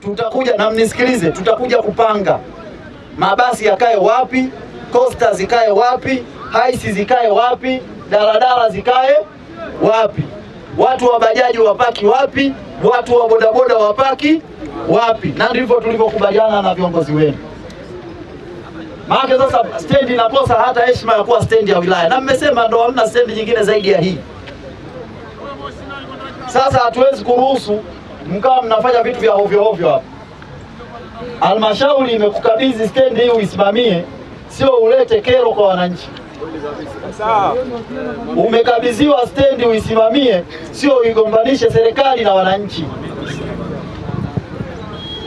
tutakuja na mnisikilize, tutakuja kupanga mabasi yakae wapi, kosta zikae wapi, haisi zikae wapi, daladala zikae wapi, watu wa bajaji wapaki wapi, watu wa bodaboda wapaki wapi, na ndivyo tulivyokubaliana na viongozi wenu. Maana sasa stendi inakosa hata heshima ya kuwa stendi ya wilaya, na mmesema ndo hamna stendi nyingine zaidi ya hii. Sasa hatuwezi kuruhusu mkawa mnafanya vitu vya ovyo ovyo hapa. Halmashauri imekukabidhi stendi hii uisimamie, sio ulete kero kwa wananchi. Umekabidhiwa stendi uisimamie, sio uigombanishe serikali na wananchi.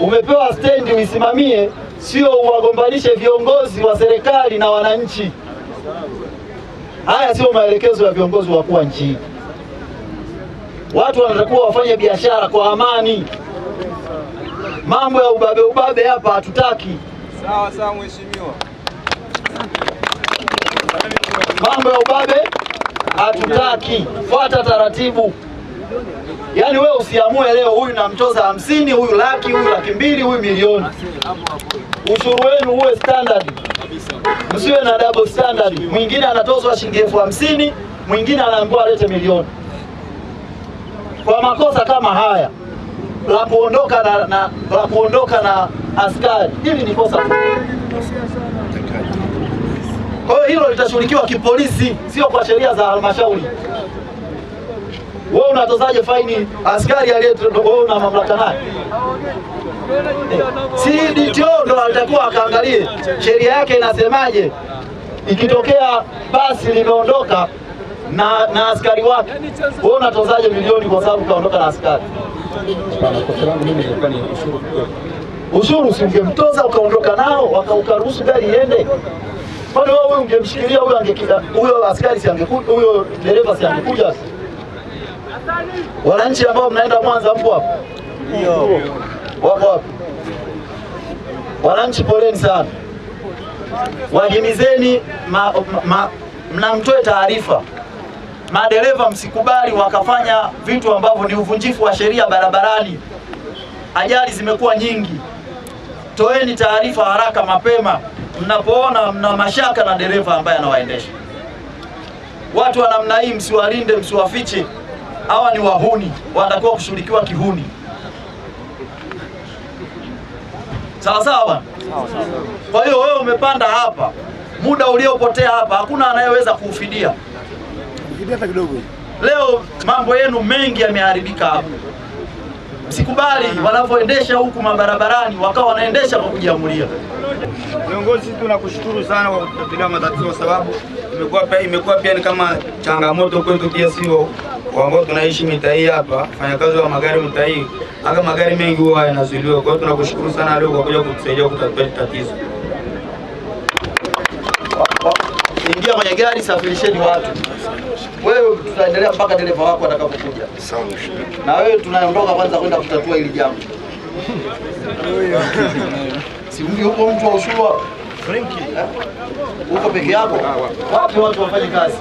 Umepewa stendi uisimamie, sio uwagombanishe viongozi wa serikali na wananchi. Haya sio maelekezo ya viongozi wakuu wa nchi hii. Watu wanatakiwa wafanye biashara kwa amani. Mambo ya ubabe ubabe hapa hatutaki. Sawa sawa, mheshimiwa. Mambo ya ubabe hatutaki, fuata taratibu. Yaani wewe usiamue leo, huyu namtoza hamsini, huyu laki, huyu laki mbili, huyu milioni. Ushuru wenu uwe standard, msiwe na double standard. Mwingine anatozwa shilingi elfu hamsini, mwingine anaambiwa alete milioni kwa makosa kama haya la kuondoka na, na, la kuondoka na askari, hili ni kosa. Kwa hiyo hilo litashughulikiwa kipolisi, sio kwa sheria za halmashauri. Wewe unatozaje faini askari aliye wewe una mamlaka naye? CDTO ndo alitakuwa akaangalie sheria yake inasemaje, ikitokea basi limeondoka na, na askari wake. Yaani wewe unatozaje milioni kwa sababu kaondoka na askari? Ushuru si ungemtoza ukaondoka nao ukauruhusu gari iende? Kwani wewe ungemshikilia huyo, huyo askari si angekuja, huyo dereva si angekuja? Wananchi ambao mnaenda Mwanza mpo hapo, wako hapo wananchi, poleni sana, wahimizeni, mnamtoe taarifa madereva msikubali wakafanya vitu ambavyo ni uvunjifu wa sheria barabarani. Ajali zimekuwa nyingi. Toeni taarifa haraka mapema mnapoona mna mashaka na dereva ambaye anawaendesha. Watu wa namna hii msiwalinde, msiwafiche. Hawa ni wahuni, wanatakiwa kushughulikiwa kihuni. Sawa sawa. Kwa hiyo wewe umepanda hapa, muda uliopotea hapa hakuna anayeweza kuufidia. Leo mambo yenu mengi yameharibika hapo. sikubali wanavyoendesha huku mabarabarani, wakawa wanaendesha kwa kujiamulia. Viongozi, tunakushukuru sana kwa kutatulia matatizo, sababu imekuwa pia imekuwa pia ni kama changamoto kwetu pia, sio ambao tunaishi mitaa hii hapa, kazi wa magari mitaa hii, hata magari mengi huwa yanazuiliwa. Kwa hiyo tunakushukuru sana leo kwa kuja kutusaidia kutatua tatizo. Ingia kwenye gari, safirisheni watu wewe tutaendelea mpaka dereva wako atakapokuja. Sawa Na wewe tunaondoka kwanza kwenda kutatua hili jambo. Siungi huko mtu wa ushuru Frenki eh? huko peke yako, wapi watu wafanye kazi?